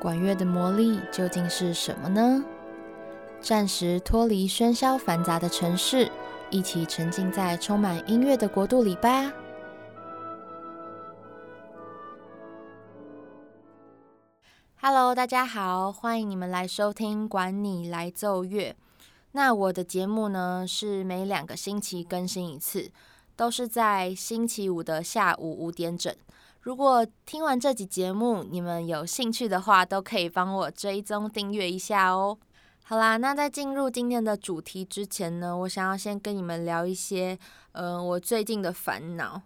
管樂的魔力究竟是什麼呢？暫時脫離喧囂繁雜的城市，一起沉浸在充滿音樂的國度裡吧。Hello，大家好，歡迎你們來收聽《管你來奏樂》。那我的節目呢，是每兩個星期更新一次，都是在星期五的下午五點整。如果聽完這集節目，你們有興趣的話，都可以幫我追蹤訂閱一下哦。好啦，那在進入今天的主題之前呢，我想要先跟你們聊一些，呃，我最近的煩惱。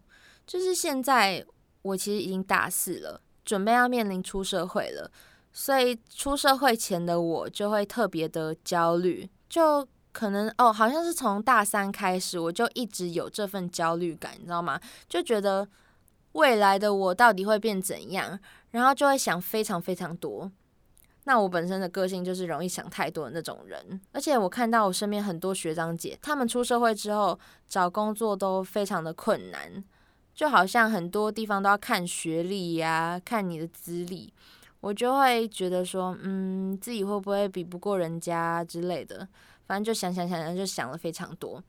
就是現在，我其實已經大四了，準備要面臨出社會了。所以出社會前的我就會特別的焦慮，就可能哦，好像是從大三開始，我就一直有這份焦慮感，你知道嗎？就覺得。未來的我到底會變怎樣？然後就會想非常非常多。那我本身的個性就是容易想太多的那種人，而且我看到我身邊很多學長姐，他們出社會之後找工作都非常的困難，就好像很多地方都要看學歷呀、啊，看你的資歷，我就會覺得說，嗯，自己會不會比不過人家啊，之類的，反正就想想想想，就想了非常多。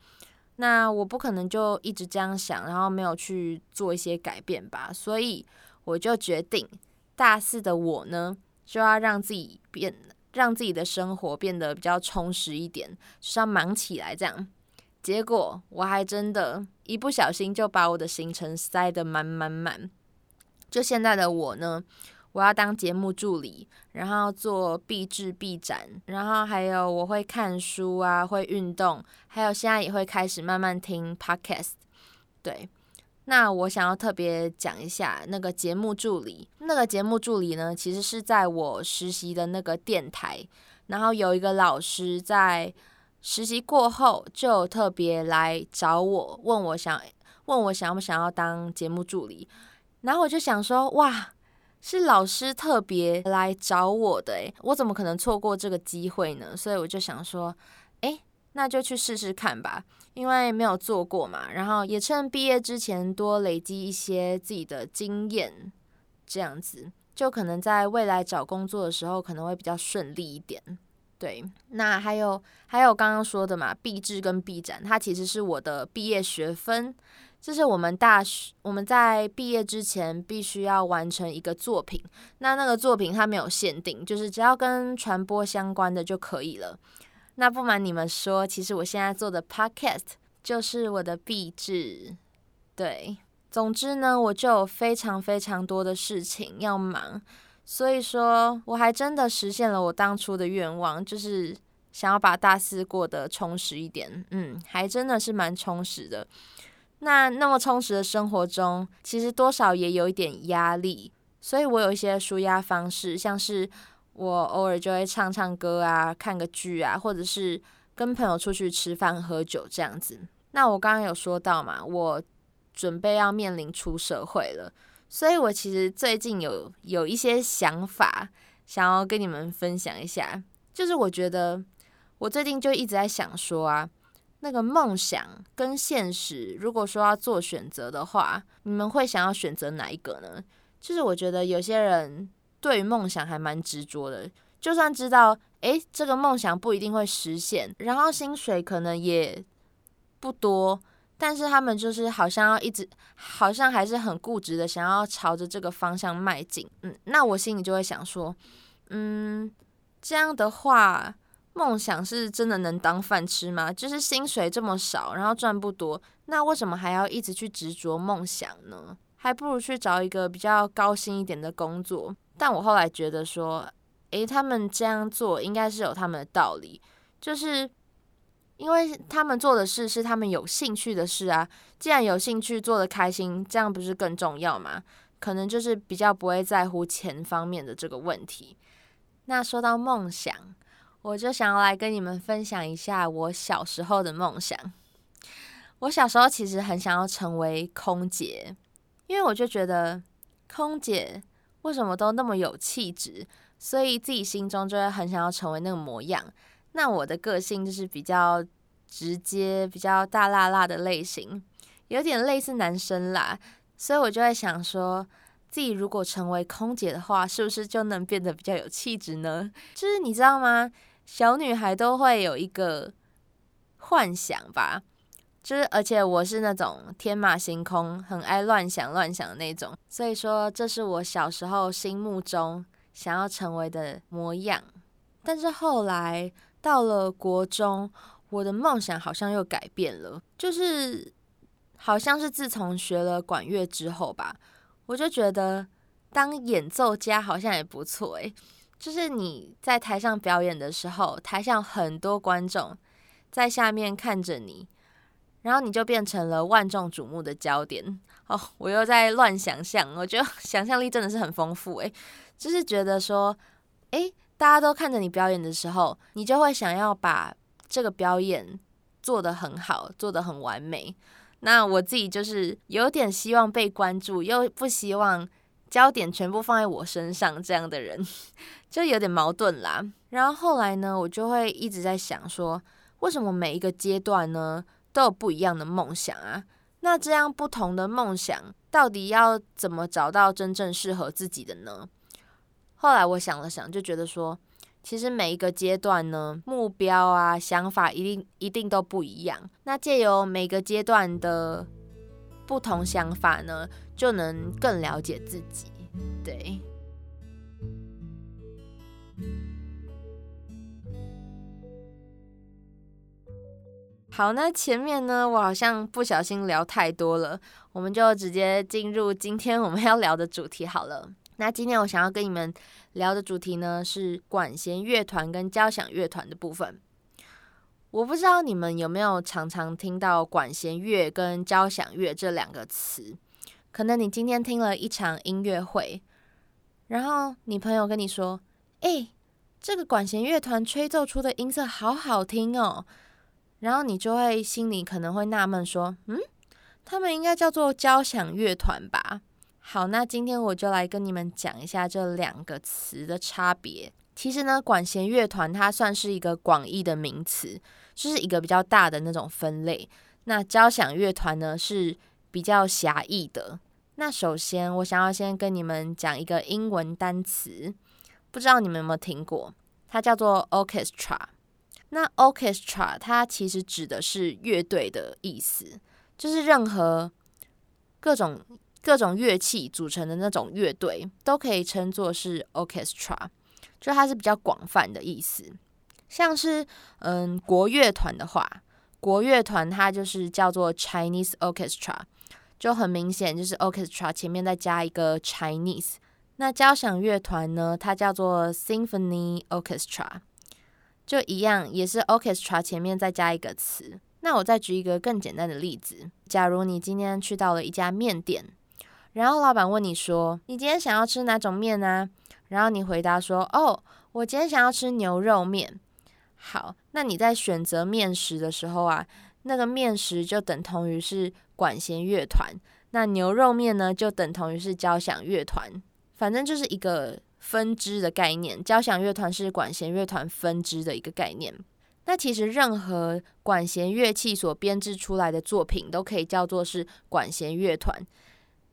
那我不可能就一直這樣想，然後沒有去做一些改變吧，所以我就決定大四的我呢，就要讓自己變，讓自己的生活變得比較充實一點，就是要忙起來這樣。結果我還真的，一不小心就把我的行程塞得滿滿滿。就現在的我呢，我要當節目助理，然後做畢製畢展，然後還有我會看書啊，會運動，還有現在也會開始慢慢聽 Podcast。對，那我想要特別講一下那個節目助理，那個節目助理呢，其實是在我實習的那個電台，然後有一個老師在實習過後就特別來找我，問我想問我想要不想要當節目助理，然後我就想說哇。是老師特別來找我的誒、欸，我怎麼可能錯過這個機會呢？所以我就想說，哎、欸，那就去試試看吧，因為沒有做過嘛。然後也趁畢業之前多累積一些自己的經驗，這樣子就可能在未來找工作的時候可能會比較順利一點。對，那還有還有剛剛說的嘛，畢製跟畢展，它其實是我的畢業學分。這是我們大學，我們在畢業之前必須要完成一個作品。那那個作品它沒有限定，就是只要跟傳播相關的就可以了。那不瞞你們說，其實我現在做的 podcast 就是我的畢製。對，總之呢，我就有非常非常多的事情要忙，所以說我還真的實現了我當初的願望，就是想要把大四過得充實一點。嗯，還真的是蠻充實的。那那麼充實的生活中，其實多少也有一點壓力，所以我有一些舒壓方式，像是我偶爾就會唱唱歌啊，看個劇啊，或者是跟朋友出去吃飯喝酒這樣子。那我剛剛有說到嘛，我準備要面臨出社會了，所以我其實最近有有一些想法，想要跟你們分享一下，就是我覺得我最近就一直在想說啊。那個夢想跟現實，如果說要做選擇的話，你們會想要選擇哪一個呢？就是我覺得有些人對於夢想還蠻執着的，就算知道誒這個夢想不一定會實現，然後薪水可能也不多，但是他們就是好像要一直，好像還是很固執的想要朝着這個方向邁進。嗯，那我心裡就會想說，嗯，這樣的話。夢想是真的能當飯吃嗎？就是薪水這麼少，然後賺不多，那為什麼還要一直去執着夢想呢？還不如去找一個比較高薪一點的工作。但我後來覺得說，誒、欸，他們這樣做應該是有他們的道理，就是因為他們做的事是他們有興趣的事啊。既然有興趣，做得開心，這樣不是更重要嗎？可能就是比較不會在乎錢方面的這個問題。那說到夢想。我就想要來跟你們分享一下我小時候的夢想。我小時候其實很想要成為空姐，因為我就覺得空姐為什麼都那麼有氣質，所以自己心中就會很想要成為那個模樣。那我的個性就是比較直接、比較大辣辣的類型，有點類似男生啦，所以我就會想說自己如果成為空姐的話，是不是就能變得比較有氣質呢？就是你知道嗎？小女孩都會有一個幻想吧，就是而且我是那種天馬行空、很愛亂想亂想的那種，所以說這是我小時候心目中想要成為的模樣。但是後來到了國中，我的夢想好像又改變了，就是好像是自從學了管樂之後吧，我就覺得當演奏家好像也不錯誒、欸。就是你在台上表演的時候，台下很多觀眾在下面看着你，然後你就變成了萬眾矚目的焦點。哦，我又在亂想象，我覺得想象力真的是很豐富誒。就是覺得說，誒，大家都看着你表演的時候，你就會想要把這個表演做得很好，做得很完美。那我自己就是有點希望被關注，又不希望。焦點全部放在我身上，這樣的人就有點矛盾啦。然後後來呢，我就會一直在想說，為什麼每一個階段呢都有不一樣的夢想啊？那這樣不同的夢想，到底要怎麼找到真正適合自己的呢？後來我想了想，就覺得說，其實每一個階段呢，目標啊、想法一定一定都不一樣。那借由每個階段的不同想法呢，就能更了解自己，對。好，那前面呢，我好像不小心聊太多了，我們就直接進入今天我們要聊的主題好了。那今天我想要跟你們聊的主題呢，是管弦樂團跟交響樂團的部分。我不知道你們有沒有常常聽到管弦樂跟交響樂這兩個詞。可能你今天聽了一場音樂會，然後你朋友跟你說：“哎、欸，這個管弦樂團吹奏出的音色好好聽哦。”然後你就會心裡可能會納悶說：“嗯，他們應該叫做交響樂團吧？”好，那今天我就來跟你們講一下這兩個詞的差別。其實呢，管弦樂團它算是一個廣義的名詞，就是一個比較大的那種分類。那交響樂團呢，是比較狹義的。那首先，我想要先跟你們講一個英文單詞，不知道你們有沒有聽過？它叫做 orchestra。那 orchestra 它其實指的是樂隊的意思，就是任何各種各種樂器組成的那種樂隊都可以稱作是 orchestra，就它是比較廣泛的意思。像是嗯國樂團的話，國樂團它就是叫做 Chinese Orchestra。就很明顯，就是 orchestra 前面再加一個 Chinese，那交響樂團呢，它叫做 symphony orchestra，就一樣，也是 orchestra 前面再加一個詞。那我再舉一個更簡單的例子，假如你今天去到了一家麵店，然後老闆問你說，你今天想要吃哪種麵啊？然後你回答說，哦，我今天想要吃牛肉麵。好，那你在選擇麵食的時候啊。那個麵食就等同於是管弦樂團，那牛肉麵呢，就等同於是交響樂團，反正就是一個分支的概念。交響樂團是管弦樂團分支的一個概念。那其實任何管弦樂器所編製出來的作品都可以叫做是管弦樂團，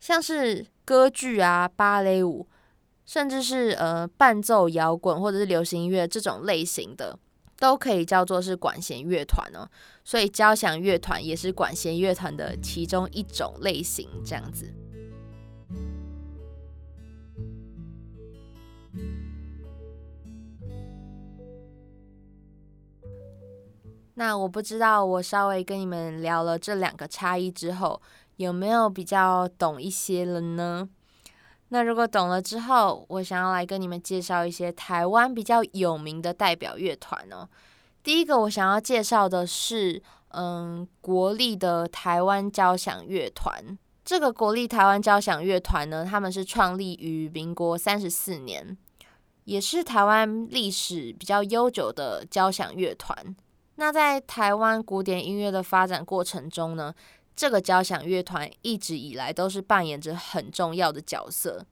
像是歌劇啊、芭蕾舞，甚至是呃伴奏、搖滾或者是流行音樂這種類型的。都可以叫做是管弦樂團哦，所以交響樂團也是管弦樂團的其中一種類型，這樣子。那我不知道，我稍微跟你們聊了這兩個差異之後，有沒有比較懂一些了呢？那如果懂了之後，我想要來跟你們介紹一些台灣比較有名的代表樂團哦。第一個我想要介紹的是，嗯，國立的台灣交響樂團。這個國立台灣交響樂團呢，他們是創立於民國三十四年，也是台灣歷史比較悠久的交響樂團。那在台灣古典音樂的發展過程中呢，這個交響樂團一直以來都是扮演着很重要的角色，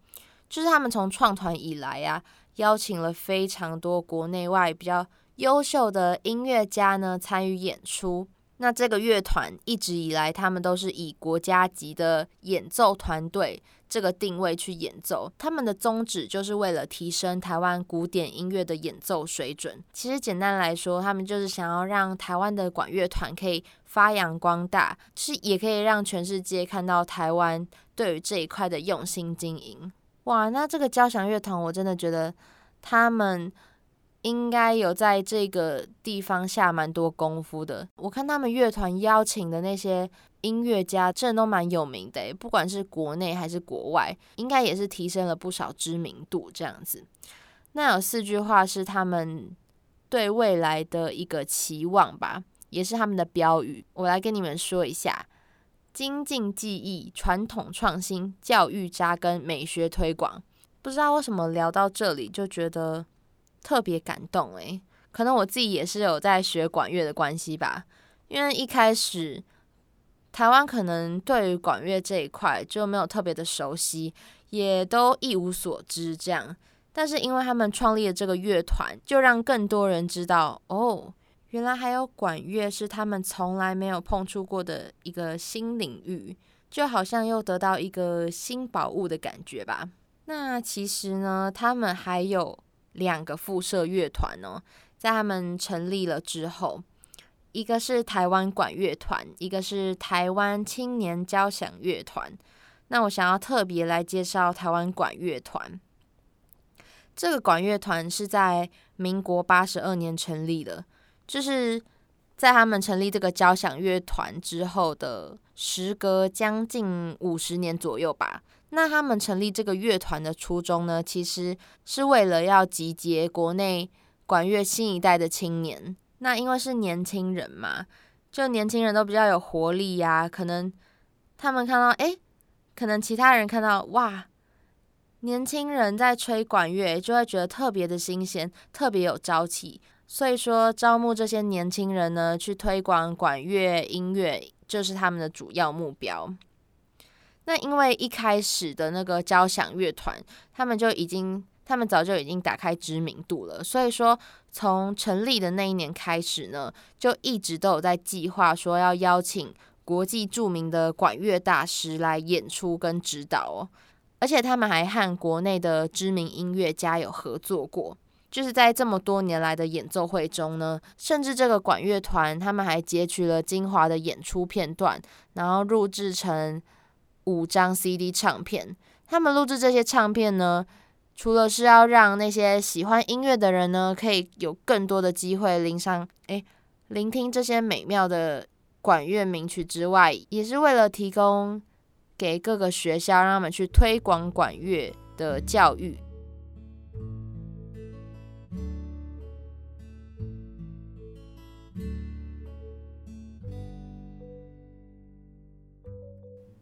就是他們從創團以來啊，邀請了非常多國內外比較優秀的音樂家呢參與演出。那這個樂團一直以來，他們都是以國家級的演奏團隊這個定位去演奏。他們的宗旨就是為了提升台灣古典音樂的演奏水準。其實簡單來說，他們就是想要讓台灣的管樂團可以發揚光大，是也可以讓全世界看到台灣對於這一塊的用心經營。哇，那這個交響樂團，我真的覺得他們。應該有在這個地方下蠻多功夫的。我看他們樂團邀請的那些音樂家，真的都蠻有名的耶，不管是國內還是國外，應該也是提升了不少知名度這樣子。那有四句話是他們對未來的一個期望吧，也是他們的標語。我來跟你們說一下：精進技藝、傳統創新、教育扎根、美學推廣。不知道為什麼聊到這裡就覺得。特別感動誒，可能我自己也是有在學管樂的關係吧。因為一開始台灣可能對於管樂這一塊就沒有特別的熟悉，也都一無所知這樣。但是因為他們創立了這個樂團，就讓更多人知道哦，原來還有管樂是他們從來沒有碰觸過的一個新領域，就好像又得到一個新寶物的感覺吧。那其實呢，他們還有。兩個附設樂團哦，在他們成立了之後，一個是台灣管樂團，一個是台灣青年交響樂團。那我想要特別來介紹台灣管樂團。這個管樂團是在民國八十二年成立的，就是在他們成立這個交響樂團之後的時隔將近五十年左右吧。那他們成立這個樂團的初衷呢，其實是為了要集結國內管樂新一代的青年。那因為是年輕人嘛，就年輕人都比較有活力呀、啊。可能他們看到，哎，可能其他人看到，哇，年輕人在吹管樂，就會覺得特別的新鮮，特別有朝氣。所以說，招募這些年輕人呢，去推廣管樂音樂，就是他們的主要目標。那因為一開始的那個交響樂團，他們就已經，他們早就已經打開知名度了。所以說，從成立的那一年開始呢，就一直都有在計劃說要邀請國際著名的管樂大師來演出跟指導哦。而且他們還和國內的知名音樂家有合作過，就是在這麼多年來的演奏會中呢，甚至這個管樂團他們還截取了精華的演出片段，然後錄制成五張 CD 唱片，他們錄製這些唱片呢，除了是要讓那些喜歡音樂的人呢，可以有更多的機會聆賞，誒，聆聽這些美妙的管樂名曲之外，也是為了提供給各個學校，讓他們去推廣管樂的教育。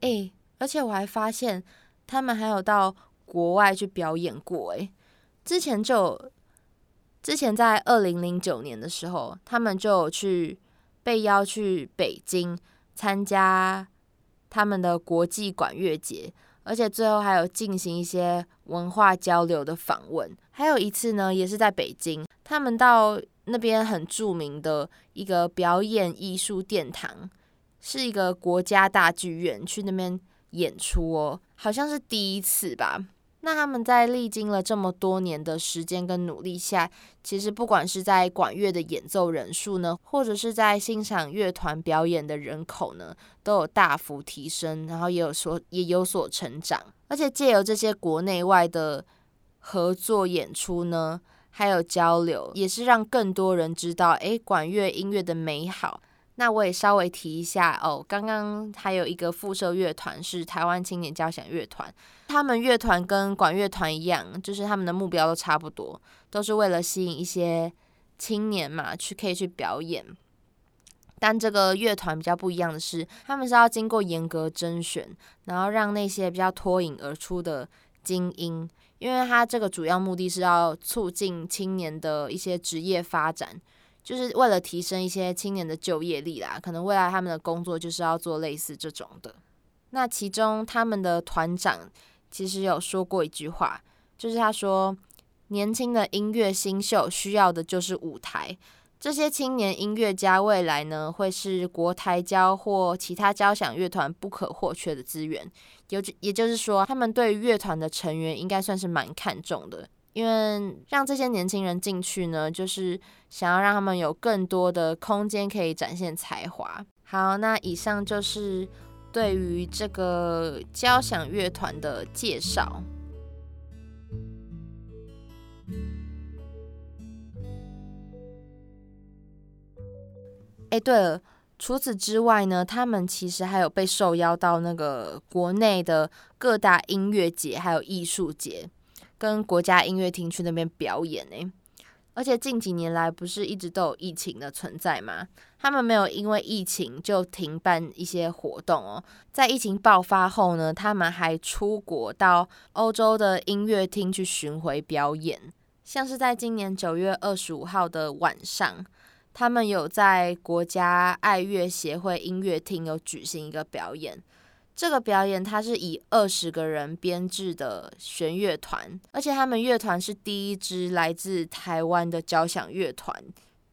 誒。而且我還發現，他們還有到國外去表演過。哎，之前就有之前在二零零九年的時候，他們就有去被邀去北京參加他們的國際管樂節，而且最後還有進行一些文化交流的訪問。還有一次呢，也是在北京，他們到那邊很著名的一個表演藝術殿堂，是一個國家大劇院，去那邊。演出哦，好像是第一次吧。那他們在歷經了這麼多年的時間跟努力下，其實不管是在管樂的演奏人數呢，或者是在欣賞樂團表演的人口呢，都有大幅提升，然後也有所也有所成長。而且借由這些國內外的合作演出呢，還有交流，也是讓更多人知道，哎，管樂音樂的美好。那我也稍微提一下哦，剛剛還有一個附設樂團是台灣青年交響樂團，他們樂團跟管樂團一樣，就是他們的目標都差不多，都是為了吸引一些青年嘛，去可以去表演。但這個樂團比較不一樣的是，他們是要經過嚴格甄選，然後讓那些比較脫穎而出的精英，因為他這個主要目的是要促進青年的一些職業發展。就是為了提升一些青年的就業力啦，可能未來他們的工作就是要做類似這種的。那其中他們的團長其實有說過一句話，就是他說：“年輕的音樂新秀需要的就是舞台。”這些青年音樂家未來呢，會是國台交或其他交響樂團不可或缺的資源。也就也就是說，他們對於樂團的成員應該算是蠻看重的。因為讓這些年輕人進去呢，就是想要讓他們有更多的空間可以展現才華。好，那以上就是對於這個交響樂團的介紹。哎，對了，除此之外呢，他們其實還有被受邀到那個國內的各大音樂節還有藝術節。跟國家音樂廳去那邊表演欸。而且近幾年來不是一直都有疫情的存在嗎？他們沒有因為疫情就停辦一些活動哦、喔。在疫情爆發後呢，他們還出國到歐洲的音樂廳去巡迴表演，像是在今年九月二十五號的晚上，他們有在國家愛樂協會音樂廳有舉行一個表演。這個表演它是以二十個人編制的弦樂團，而且他們樂團是第一支來自台灣的交響樂團，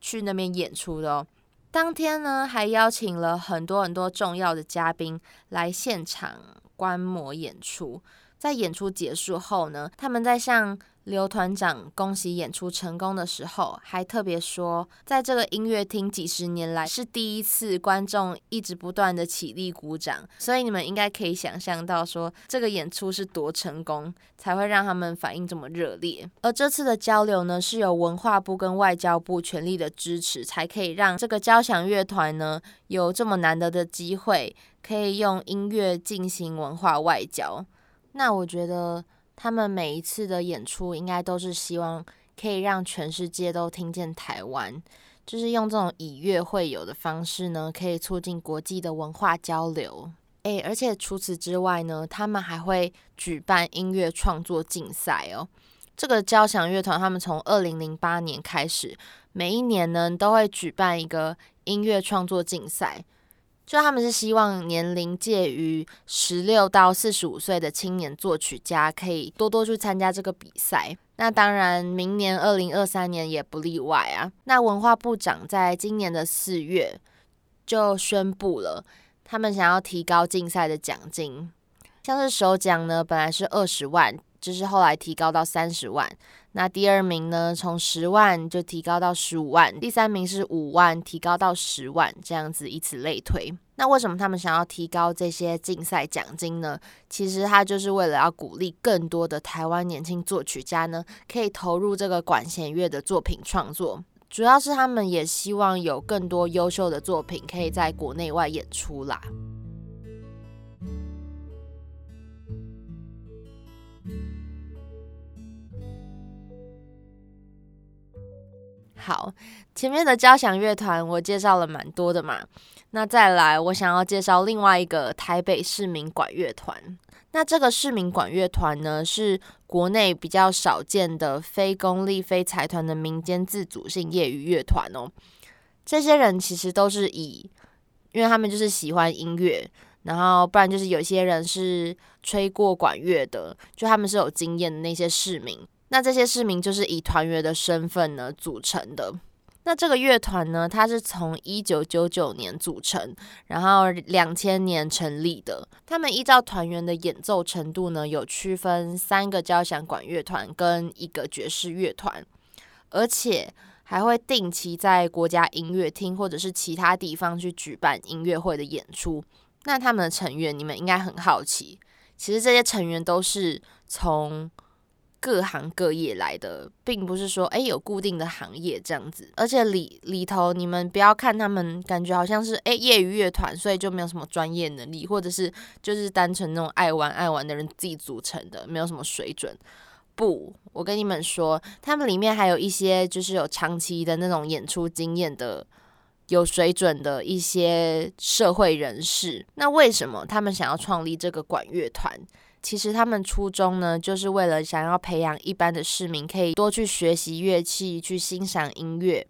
去那邊演出的哦。當天呢，還邀請了很多很多重要的嘉賓來現場觀摩演出。在演出結束後呢，他們在向。劉團長恭喜演出成功的時候，還特別說，在這個音樂廳幾十年來是第一次觀眾一直不斷的起立鼓掌，所以你們應該可以想象到，說這個演出是多成功，才會讓他們反應這麼熱烈。而這次的交流呢，是由文化部跟外交部全力的支持，才可以讓這個交響樂團呢有這麼難得的機會，可以用音樂進行文化外交。那我覺得，他們每一次的演出，應該都是希望可以讓全世界都聽見台灣，就是用這種以樂會友的方式呢，可以促進國際的文化交流。欸，而且除此之外呢，他們還會舉辦音樂創作競賽哦。這個交響樂團，他們從二零零八年開始，每一年呢都會舉辦一個音樂創作競賽。就他們是希望年齡介於十六到四十五歲的青年作曲家可以多多去參加這個比賽。那當然，明年二零二三年也不例外啊。那文化部長在今年的四月就宣布了，他們想要提高競賽的獎金，像是首獎呢，本來是二十萬，就是後來提高到三十萬。那第二名呢，從十萬就提高到十五萬，第三名是五萬提高到十萬，這樣子以此類推。那為什麼他們想要提高這些競賽獎金呢？其實他就是為了要鼓勵更多的台灣年輕作曲家呢，可以投入這個管弦樂的作品創作。主要是他們也希望有更多優秀的作品可以在國內外演出啦。好，前面的交響樂團我介紹了蠻多的嘛，那再來我想要介紹另外一個台北市民管樂團。那這個市民管樂團呢，是國內比較少見的非公立、非財團的民間自主性業餘樂團哦。這些人其實都是以，因為他們就是喜歡音樂，然後不然就是有些人是吹過管樂的，就他們是有經驗的那些市民。那這些市民就是以團員的身份呢，組成的。那這個樂團呢，它是從一九九九年組成，然後兩千年成立的。他們依照團員的演奏程度呢，有區分三個交響管樂團跟一個爵士樂團，而且還會定期在國家音樂廳或者是其他地方去舉辦音樂會的演出。那他們的成員，你們應該很好奇，其實這些成員都是從。各行各業來的，並不是說誒有固定的行業這樣子，而且裡裡頭你們不要看他們，感覺好像是誒業餘樂團，所以就沒有什麼專業能力，或者是就是單純那種愛玩愛玩的人自己組成的，沒有什麼水準。不，我跟你們說，他們裡面還有一些就是有長期的那種演出經驗的，有水準的一些社會人士。那為什麼他們想要創立這個管樂團？其實他們初衷呢，就是為了想要培養一般的市民，可以多去學習樂器，去欣賞音樂，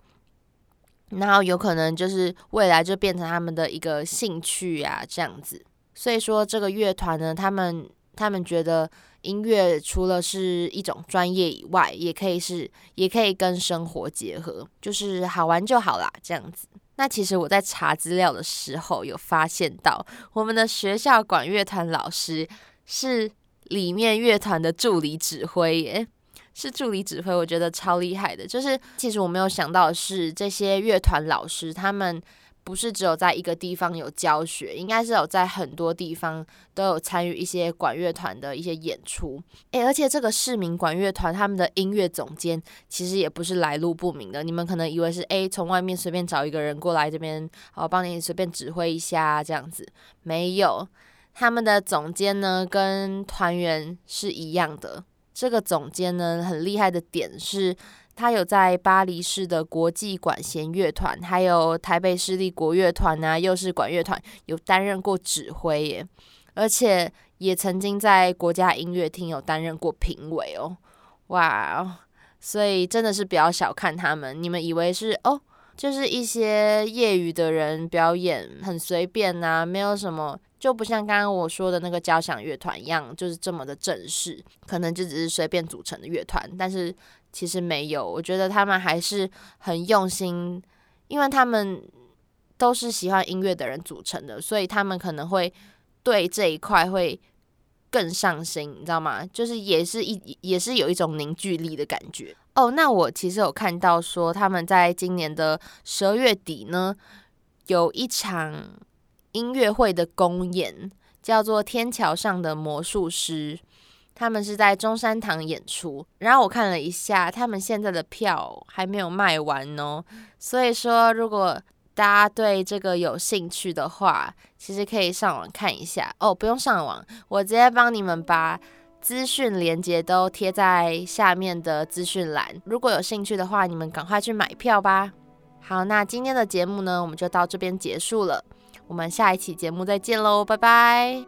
然後有可能就是未來就變成他們的一個興趣啊，這樣子。所以說，這個樂團呢，他們他們覺得音樂除了是一種專業以外，也可以是也可以跟生活結合，就是好玩就好啦，這樣子。那其實我在查資料的時候，有發現到我們的學校管樂團老師。是裡面樂團的助理指揮耶，是助理指揮，我覺得超厲害的。就是其實我沒有想到，是這些樂團老師，他們不是只有在一個地方有教學，應該是有在很多地方都有參與一些管樂團的一些演出。誒，而且這個市民管樂團他們的音樂總監，其實也不是來路不明的。你們可能以為是誒，從外面隨便找一個人過來這邊哦，幫你隨便指揮一下這樣子，沒有。他們的總監呢，跟團員是一樣的。這個總監呢，很厲害的點是，他有在巴黎市的國際管弦樂團，還有台北市立國樂團吶、啊，又是管樂團有擔任過指揮耶，而且也曾經在國家音樂廳有擔任過評委哦。哇哦，所以真的是不要小看他們，你們以為是哦。就是一些業餘的人表演，很隨便吶、啊，沒有什麼，就不像剛剛我說的那個交響樂團一樣，就是這麼的正式，可能就只是隨便組成的樂團。但是其實沒有，我覺得他們還是很用心，因為他們都是喜歡音樂的人組成的，所以他們可能會對這一塊會。更上心，你知道嗎？就是也是一也是有一種凝聚力的感覺哦。Oh, 那我其實有看到說，他們在今年的十二月底呢，有一場音樂會的公演，叫做《天橋上的魔術師》，他們是在中山堂演出。然後我看了一下，他們現在的票還沒有賣完哦。所以說，如果大家對這個有興趣的話，其實可以上網看一下哦，不用上網，我直接幫你們把資訊連結都貼在下面的資訊欄。如果有興趣的話，你們趕快去買票吧。好，那今天的節目呢，我們就到這邊結束了。我們下一期節目再見嘍，拜拜。